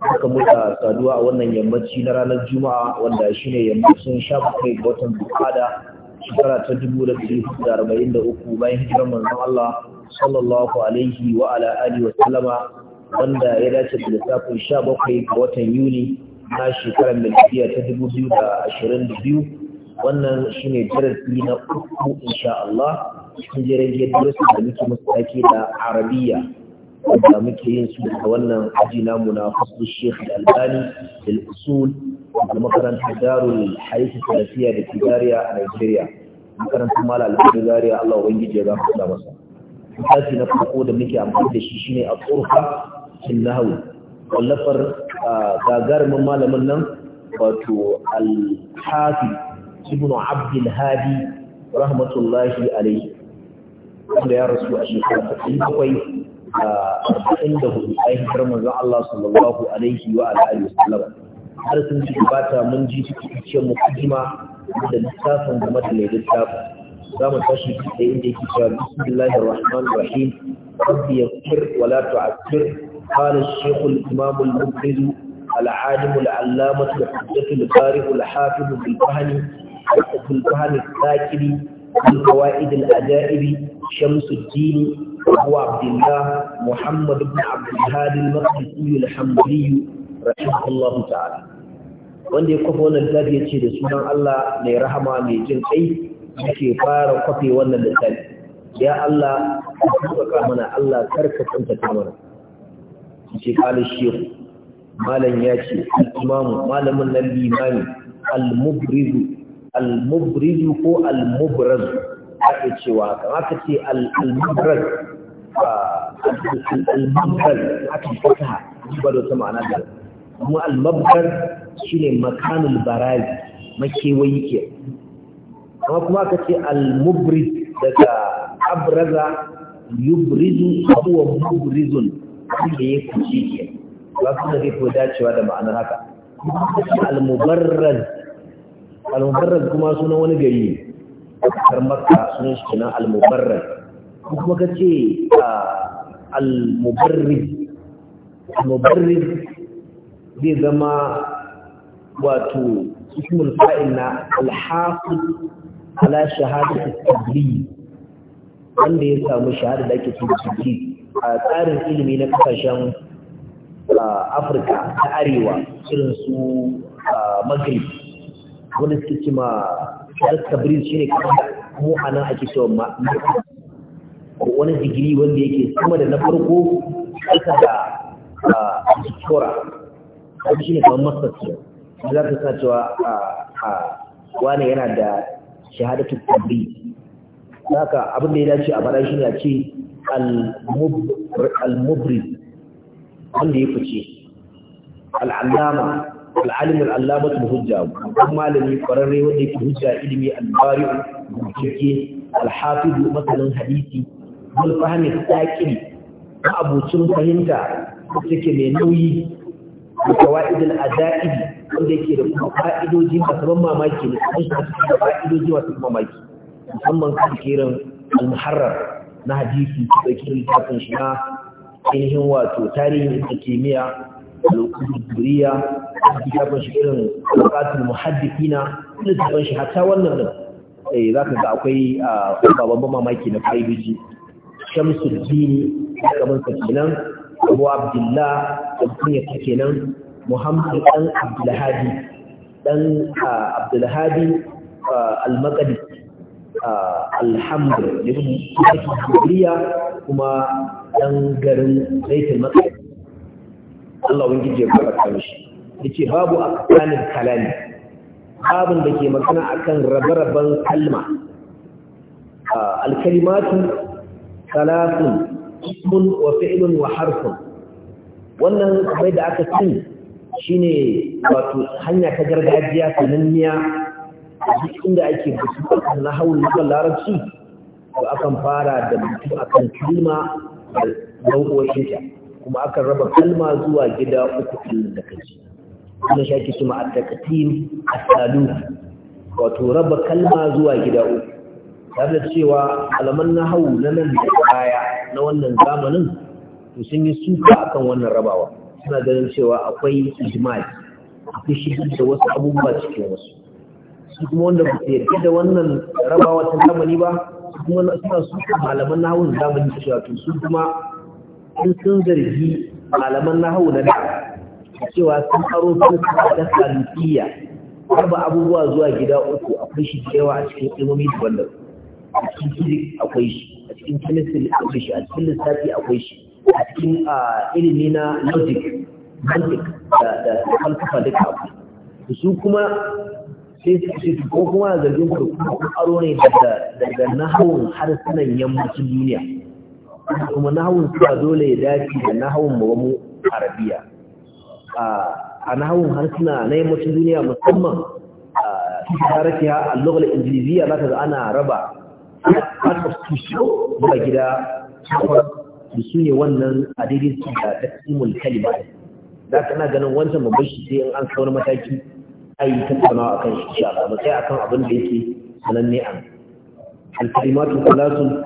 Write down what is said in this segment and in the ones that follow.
haka muka saduwa a wannan yammaci na ranar juma'a wanda shi ne yammacin sha bakwai watan bukada shekara ta dubu da ɗari da arba'in da uku bayan hijirar manzon Allah sallallahu alaihi wa ala alihi wa sallama wanda ya dace da lissafin sha bakwai ga watan yuni na shekarar milkiya ta dubu biyu da ashirin da biyu wannan shine darasi na uku insha Allah cikin jirage darasi da muke musu da arabiya da muke yin su a wannan aji namu na fasu Sheikh Al-Albani da usul da makarantar Darul Hadith Salafiya da Tijariya a Nigeria makarantar Malam Al-Albani Zaria Allah ubangiji ya gafarta masa tafi na farko da muke amfani da shi shine a turfa cin nahawu wallafar gagarumin malamin nan wato al-hafi ibn abdul hadi rahmatullahi alaihi wanda ya rasu a shekara ta inda hudu aihatar manzan Allah sallallahu Alaihi wa Alaihi har sun ci bata mun ji su cikin mukajima da littafin game da mai littafin za mu tashi su ɗaya inda yake cewa bismillahir rahmanir rahim rabbi yaqfir wa la tu'akkir qala ash-shaykh al-imam al-mubtadi al-alim al-allama al-hajjat al-qari al-hafiz al-fahmi al-fahmi ajaibi shams al أبو عبد الله محمد بن عبد الهادي المقدسي الحنبلي رحمه الله تعالى wanda ya kwafi wannan littafi ya ce da sunan Allah mai rahama mai jin kai yake fara kwafe wannan littafi ya Allah ka tsaka mana Allah karka tsanta ta mana ce kala shehu malam ya ce imamu malamin nan limami al-mubrizu al-mubrizu ko al-mubraz ake cewa kan aka ce al-mubraz al-mabdal aka fata ba da sama ma'ana da kuma al-mabdal shine makanul barazi makewayi ke amma kuma aka ce al-mubriz daga abraza yubrizu huwa mubrizun wanda ya kuce ke ba su da zai ko dacewa da ma'anar haka al-mubarraz al-mubarraz kuma suna wani gari ne karmarka sunan shi na al-mubarraz kuma ka ce a ah, al-mubarrid zai zama wato ismul fa'il na al ala shahadatu tabli wanda ya samu shahada da ake cikin a tsarin ilimi na kasashen ah, Afirka ta arewa irin su ah, Maghrib wanda suke cima shine kamar mu nan ake cewa ko wani digiri wanda yake sama da na farko ƙasa da jikora a shi ne kamar masarci da za ka sa cewa wane yana da shahadatu tabbi za ka abin da ya dace a bara shi ne a ce al-mubri wanda ya fice al'allama al'alim al'allama tun hujja wani malami ƙwararre wanda ya fi hujja ilimi al-bari al-hafizu masanin hadisi zulfahamis ɗaƙiri na abucin fahimta da suke mai nauyi da kawa'idin ada'idi wanda yake da kuma fa'idoji masu ban mamaki ne kuma su da fa'idoji masu ban mamaki musamman kan kiran al-muharrar na hadisi da kiran littafin shi na ainihin wato tarihin da kimiyya al-quduriyya littafin shi irin al muhaddithina littafin shi hatta wannan din eh zaka ga akwai ah, babban mamaki na fa'idoji shamsul dini kamar sa kenan abu abdullah alkunya ta kenan muhammad dan abdulhadi dan abdulhadi al-maqdis alhamdu ibn jibriya kuma ɗan garin baitul maqdis Allah ubangiji ya barka mishi yace babu akanin kalami babin da ke magana akan rabe-raben kalma al-kalimatu salatun ismun wa fi'lun wa harfun wannan bai da aka cin shine wato hanya ta gargajiya sananniya duk inda ake bukatu na hawan na larabci to akan fara da mutum akan kalma da ta kuma akan raba kalma zuwa gida uku da kanci kuma shi ake at a as a wato raba kalma zuwa gida uku tare da cewa alaman na hau na nan da baya na wannan zamanin to sun yi suka akan wannan rabawa suna ganin cewa akwai ijma'i akwai shigi da wasu abubuwa cikin wasu su kuma wanda ba su yarda da wannan rabawa ta zamani ba su kuma suna suka malaman na hau zamani cewa to su kuma sun sun zargi malaman na hau na da cewa sun aro su da salifiyya raba abubuwa zuwa gida uku akwai shi da yawa a cikin ilmomi daban-daban a cikin physics akwai shi a cikin chemistry akwai shi a cikin lissafi akwai shi a cikin ilimi na logic mantic da falsafa duka akwai su kuma sai su ko kuma zargin ku aro ne daga nahawun harsunan yammacin duniya kuma nahawun suka dole ya dace da nahawun mawamu arabiya a nahawun harsuna na yammacin duniya musamman a tarakiya a lokacin ingiliziya za ka ana raba aka gida takwas su ne wannan a daidai da taqsimul kalima ka na ganin wancan babban shi sai in an kawo mataki ai tattaunawa akan shi a Allah sai akan abin da yake sananne an al-kalimatu thalathun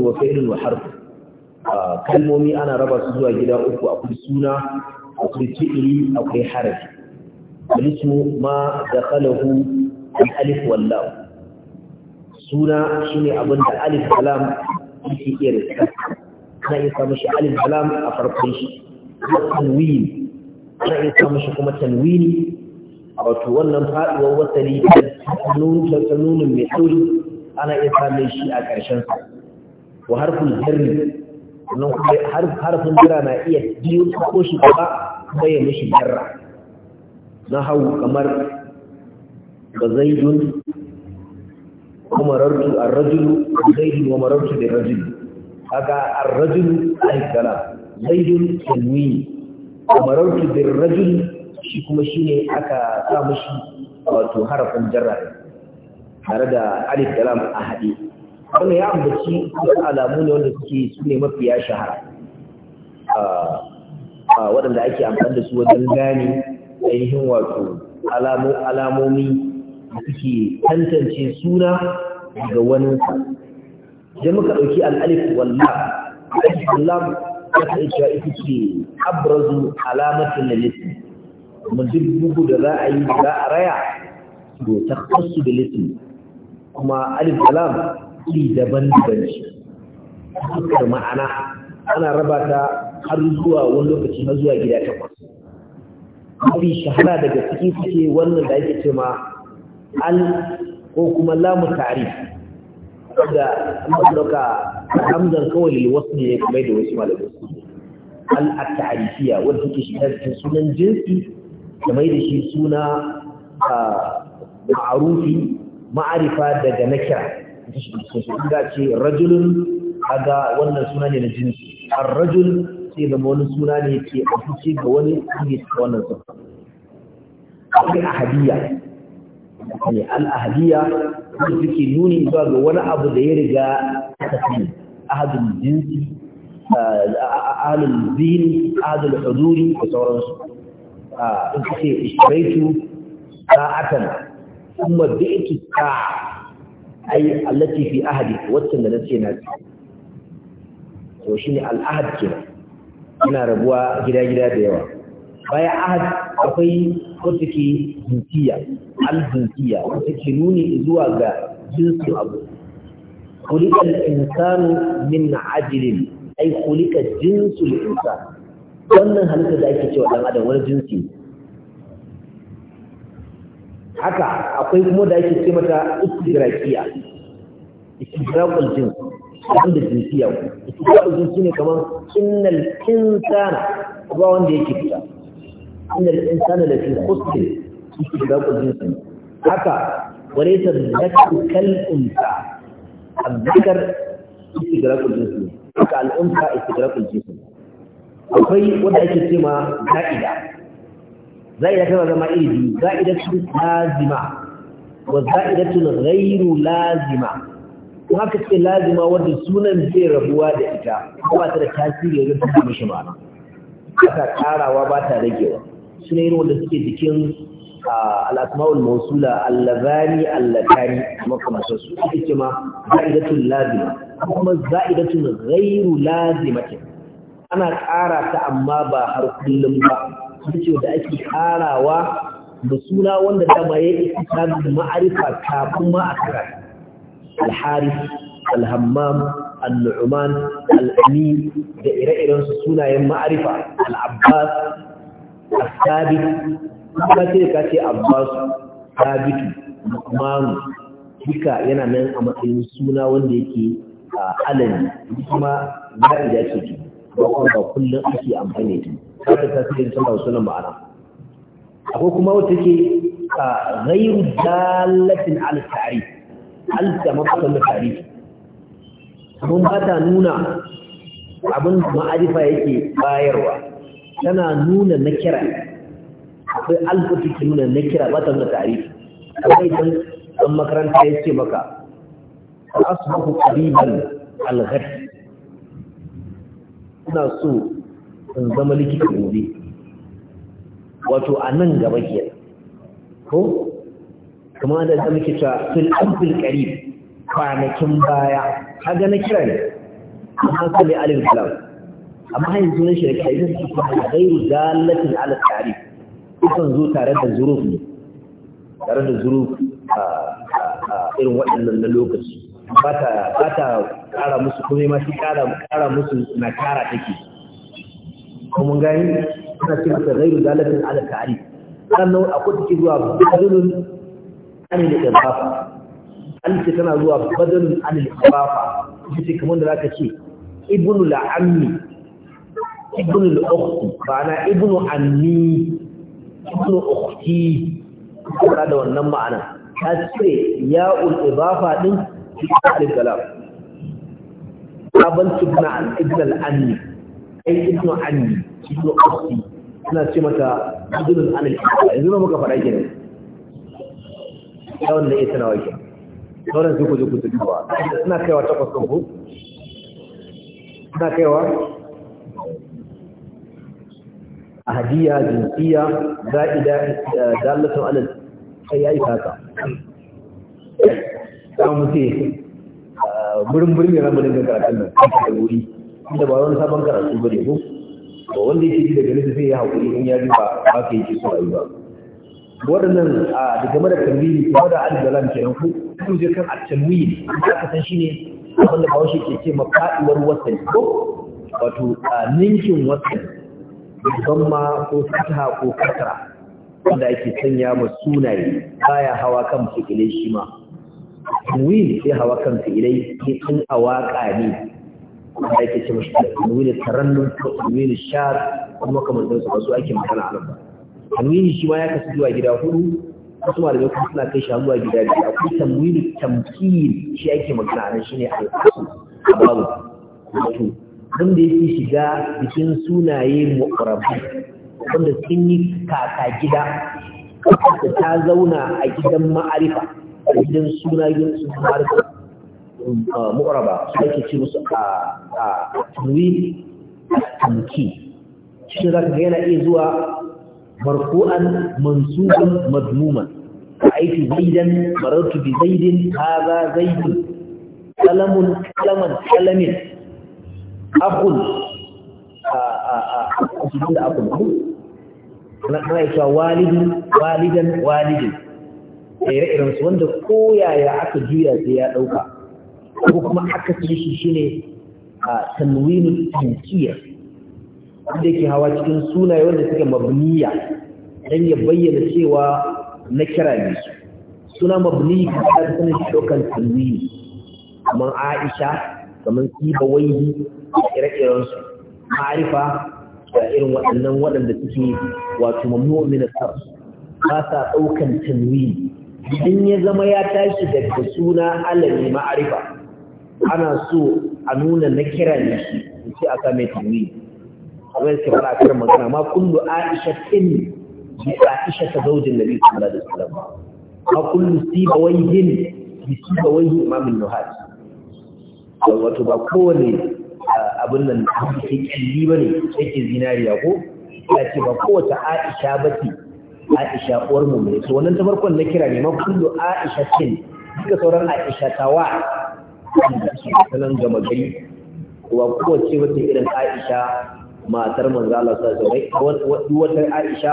wa fi'lun wa harf kalmomi ana raba su zuwa gida uku akwai suna akwai fi'ili akwai harafi al-ismu ma dakhalahu al-alif wal suna shine abin da alif kalam yake iya riska ana iya samun shi alif kalam a farkon shi tanwini ana iya samun shi kuma tanwini wato wannan faɗuwar wasali da nunin mai tsori ana iya samun shi a ƙarshen sa wa harfin jarri sannan kuma harfin jira na iya biyu ko shi gaba kuma ya mishi jarra na hau kamar ga zaidun umarartu ar rajul zaidun wa marartu ar rajul aka ar rajul alayhi salam zaidun tanwi umarartu bi rajul shi kuma shine aka sa mushi wato harafin jarra tare da alif da lam a haɗe. wannan ya ambaci alamu ne wanda suke sune ne mafiya shahara waɗanda ake amfani da su wajen gane ainihin wato alamomi suke tantance suna daga waninsa idan muka ɗauki al'alif wallah al'alif wallah ya ta cewa ita ce abrazu alamatin da lissi kuma duk bugu da za a yi za a raya to ta kasu da lissi kuma alif wallah iri daban-daban ce fuskar ma'ana ana raba ta har zuwa wani lokaci har zuwa gida takwas mafi shahara daga ciki suke wannan da ake ce ma al ko kuma lamu ta'rif da mutlaka hamzar kawai lil wasli ne kuma da wasu malamu al at-ta'rifiyya wanda take shi cikin sunan jinsi da mai da shi suna ma'arufi ma'arifa daga nakira ta shi shi. inda ce rajulun aga wannan suna ne na jinsi ar-rajul sai da wani suna ne ke afice ga wani ne wannan sufa akwai hadiyya. ne al'ahadiyya wanda suke nuni zuwa ga wani abu da ya riga aka sani ahadin jinsi eh, ahadin zini ahadin huduri da sauransu ah, in ka ce ishiraitu sa'atan kuma da ita sa'a ai allati fi ahadi wacce da nace na to shine al'ahad kenan yana rabuwa gida-gida da yawa baya ahad akwai wata ke jinsiya al-jinsiya wata ke nuni zuwa ga jinsin abu kulika al-insanu min ajilin ai kulika jinsul insa wannan halitta da ake cewa dan adam wani jinsi haka akwai kuma da ake ce mata istigrakiya istigrakul jins wanda jinsiya istigrakul jinsi ne kamar innal insana ba wanda yake inda insana da fi khusr ka da kujin haka walaysa dhakru kal unsa azzakar istigraqul jism haka al unsa istigraqul jism akwai wanda ake cewa za'ida za'ida tana zama iri biyu za'idatu lazima wa za'idatu ghairu lazima kuma ka ce lazima wanda sunan zai rabuwa da ita ba ta da tasiri wajen tana mishi ma'ana ba ta ragewa su ne irin wanda suke jikin al'asma'ul mausula allazani allatani makamashin su ita ce ma za'idatun lazima kuma za'idatun ghairu lazimatin ana ƙara ta amma ba har kullum ba Suke da ake ƙarawa da suna wanda dama ya yi ikitabin ma'arifa ta kuma a kara alharis alhammam al-nu'man al-amir da ire-irensu sunayen ma'arifa al-abbas sabit ka ce ka ce abbas sabitu yana nan a matsayin suna wanda yake a alani kuma zaɓi da ke ji ba kuma ba kullum ake amfani da ta ta ta sai ta wasu nan ma'ana akwai kuma wata ke a ghairu dalatin al-tarif al-sama da tarif mun ba ta nuna abin ma'arifa yake bayarwa tana nuna na kira akwai alfa ke nuna kira ba ta nuna tarihi akwai idan dan makaranta ya ce maka asu maku al alhari suna so in zama likita gobe wato a nan gaba ke ko kuma da ta muke ta fil amfil qarib kwanakin baya kaga na kira ne amma sai alif lam amma hanyar sunan shirka idan su kuma gairu dalatin ala tarif kusan zo tare da zuruf ne tare da zuruf a irin waɗannan na lokaci ba ta ƙara musu kuma ma shi ƙara musu na ƙara take kuma gani suna ce masa gairu dalatin ala tarif sannan akwai take zuwa badalun anil ibafa alce tana zuwa badalun anil ibafa ita ce kamar da za ka ce ibnu la'ammi ibn al-ukhti ma'ana ibn anni ibn ukhti kuma da wannan ma'ana ta ya ya'ul idafa din alif salam abin ibn ibn al-anni ai ibn anni ibn ukhti ina ce mata ibn al-anni yanzu muka fara kenan yawan da ya tana wake sauran kaiwa takwas kan ku ina kaiwa ahadiyya jinsiya ida dalatun alal sai yayi haka za mu ce gurin ah, burin yana mu ga karatun nan da wuri inda ba wani sabon karatu ba ne ko ba wanda yake ji daga nisa sai ya haƙuri in ya riba ba ka yi su Ba waɗannan a ah, da game da tambiri kuma da aljalam kenan ku kun je kan at-tanwin da aka san shine abin da bawo shi ke ce mafa'iwar wasan ko wato ah, ninkin wasan ma ko fata ko katara wanda ake sanya ma sunaye baya hawa kan fi'ilai shi ma tanwin sai hawa kan fi'ilai sai tun a waka ne wanda ake ce mashi tanwin tarannum ko tanwin shar kuma kamar da su ake magana a nan ba tanwin shi ma ya kasu zuwa gida hudu wasu malamai kuma suna kai shi zuwa gida biyu akwai tanwin tamkin shi ake magana nan shine al a babu wanda fi shiga bikin sunaye mu'arabu wanda sun yi kaka gida da ta zauna a gidan ma'arifa a gidan sunayen su ma'arifa uh, mu'araba su ake ce musu a uh, uh, turwi a tamki shi za ka yana iya zuwa marfu'an mansuban mazmuman a aiki zaidan marar bi zaidin za zaidin kalamun kalaman kalamin abun a cikin da ku na ana cewa walidi walidan walidi da ire iren su wanda koyaya aka juya sai ya dauka ko kuma aka ce shi shine a tanwinin tankiyar wanda yake hawa cikin sunaye wanda suke mabniya dan ya bayyana cewa na kira ne suna mabni ka ta sanin tanwini kamar Aisha kamar kiba waihi da ire-iren su ma'arifa da irin waɗannan waɗanda suke wato mamnu'un min asar ba sa ɗaukan tanwini idan ya zama ya tashi daga suna alami ma'arifa ana so a nuna na kira ne shi ce a same tanwini kamar yake a karin magana ma kullu aisha tin bi aisha ta zaujin nabi sallallahu alaihi wasallam ma kullu siba wayhin bi siba wayhi imamin nuhat wato ba kowane abin nan ke kyalli ba ne yake zinariya ko ya ce ba kowace aisha ba ce aisha uwar mu ne to wannan ta farkon na kira ne ma kullu aisha tin duka sauran aisha tawa sanan gama gari wa kowace wata irin aisha matar manzo Allah sallallahu alaihi wasallam wata aisha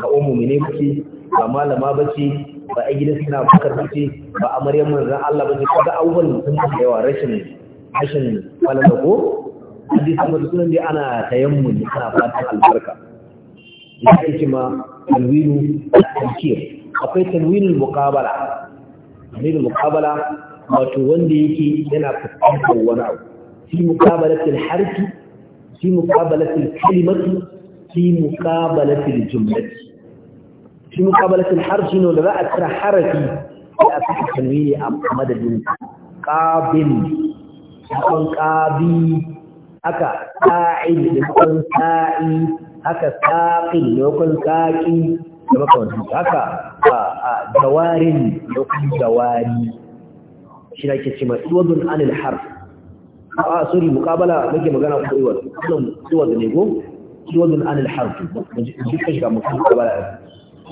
ba ummu ne ce ba malama ce ba a gidan suna bakar ce ba amaryar manzon Allah bace kaga abubuwan sun da yawa rashin rashin falala ko hadisi amma da sunan dai ana tayammuli ana fatan albarka yake ce ma tanwinu al-tankir akwai tanwinul muqabala tanwinul muqabala wato wanda yake yana fuskantar wani abu fi muqabalatil harfi fi muqabalatil kalimati fi muqabalatil jumlati fi muqabalatil harfi ne da za a tsara harafi sai a saka tanwini a madadin qabin kan ƙabi haka sa'il da kan sa'i haka sa’i da kan saƙi da makamantu haka a jawarin da kan jawari shi na ke cima iwadun anil harf a sorry mukabala nake magana ko iwa wannan iwadu ne ko iwadun anil harf duk kashi ga mukabala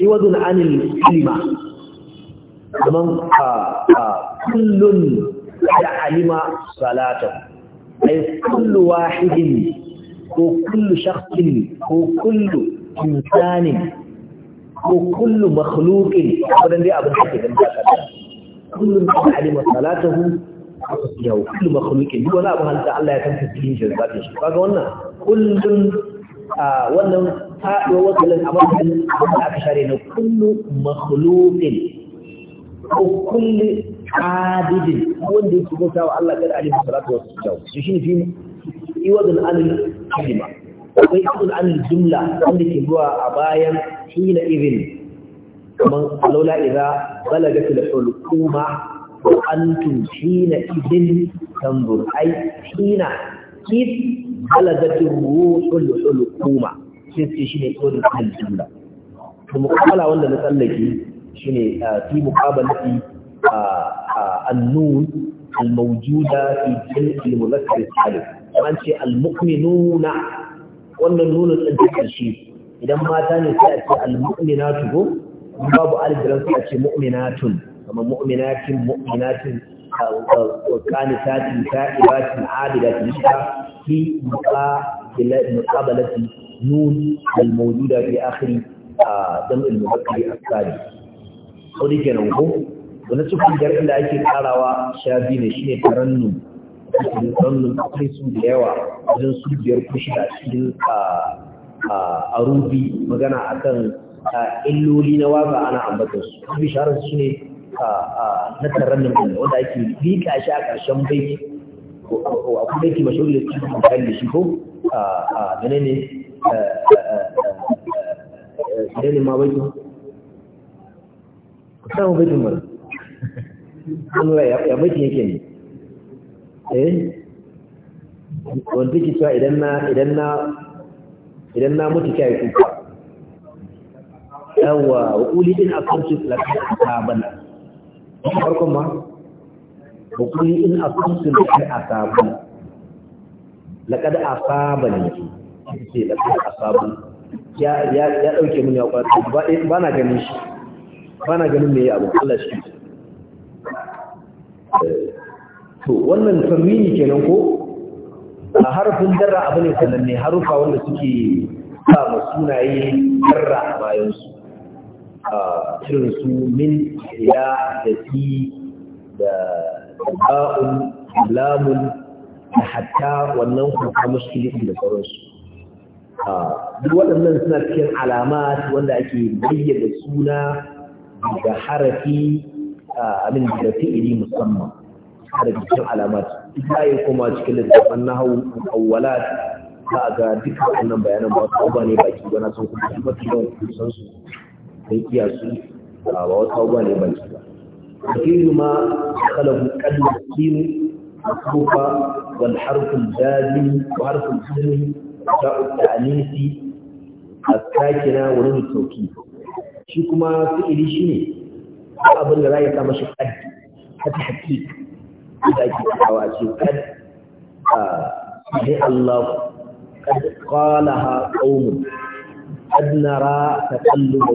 iwadun anil kalima kaman kullun da alima salata ai kullu wahidin ko kullu shakhsin ko kullu insanin ko kullu makhluqin wannan dai abin da ke ganin ka kullu alima salatahu yau kullu makhluqin duk wani abu halitta Allah ya san tasirin shi zakin shi kaga wannan kullun wannan faɗo wakilan a matsayin abin da aka share na kullu makhluqin ko kullu abidin wanda yake bauta wa Allah kada alaihi salatu wa sallam shi shine fi iwadul anil kalima akwai iwadul anil jumla wanda ke zuwa a bayan hina irin kaman laula idza balagat al hulquma wa antum hina idin tanzur ai hina kif balagat al ruhul hulquma shi shine iwadul anil jumla to muqabala wanda na tsallake shine eh, fi muqabalati ah, النون الموجودة في جمع المذكر الثالث وأن المؤمنون وأن النون الانتقال شيء إذا ما تاني سأتي المؤمنات هو باب آل الدرام سأتي مؤمنات كما مؤمنات مؤمنات وكانتات سائبات عابدات نشاء في مقابلة النون الموجودة في آخر جمع المذكر الثالث. صديقنا وهو wani tsufin jarin da ake karawa ne shi ne shine tarannu a kai su da yawa wajen su biyar kushi a cikin a rubi magana akan illoli na waka ana ambatar su kuma shahararsu shi ne na tarannu wanda ake rika shi a ƙarshen baiti akwai baiti mashahuri da cikin kan da shi ko a menene ma baiti kusan mara Allah ya miki yake ne eh wanda ke cewa idan na idan na idan na mutu kai ku yawa wa quli in aqamtu lakin asaban farkon ma wa quli in aqamtu lakin asaban laqad asabani ce laqad asabu ya ya ya dauke mun ya kwata ba na ganin shi ba na ganin me ya abu Allah shi to wannan tarwini kenan ko a harfin darra abu ne sananne harufa wanda suke sa ma sunaye darra a bayansu a su min ya da fi da ba'un lamun da hatta wannan kuka muskilin da sauransu duk waɗannan suna cikin alamat wanda ake bayyana suna da harafi abin da fi'ili musamman da cikin alamat ita yi kuma cikin littafin nahawu awwalat za ga duka wannan bayanan ba su ba ne baki ba na san kuma shi mafi yawan kusan su kai kiya su ba wata ba ne baki ba wakilu ma kalabu kallu kinu masufa wal harfin daji wa harfin jirni da'u ta'anisi a kakina wurin tauki shi kuma fi'ili shi ne ko abin da za ya sa mashi kad haka haƙi da ake kawo a ce kad sai Allah kad qalaha qaumun kad nara taqalluba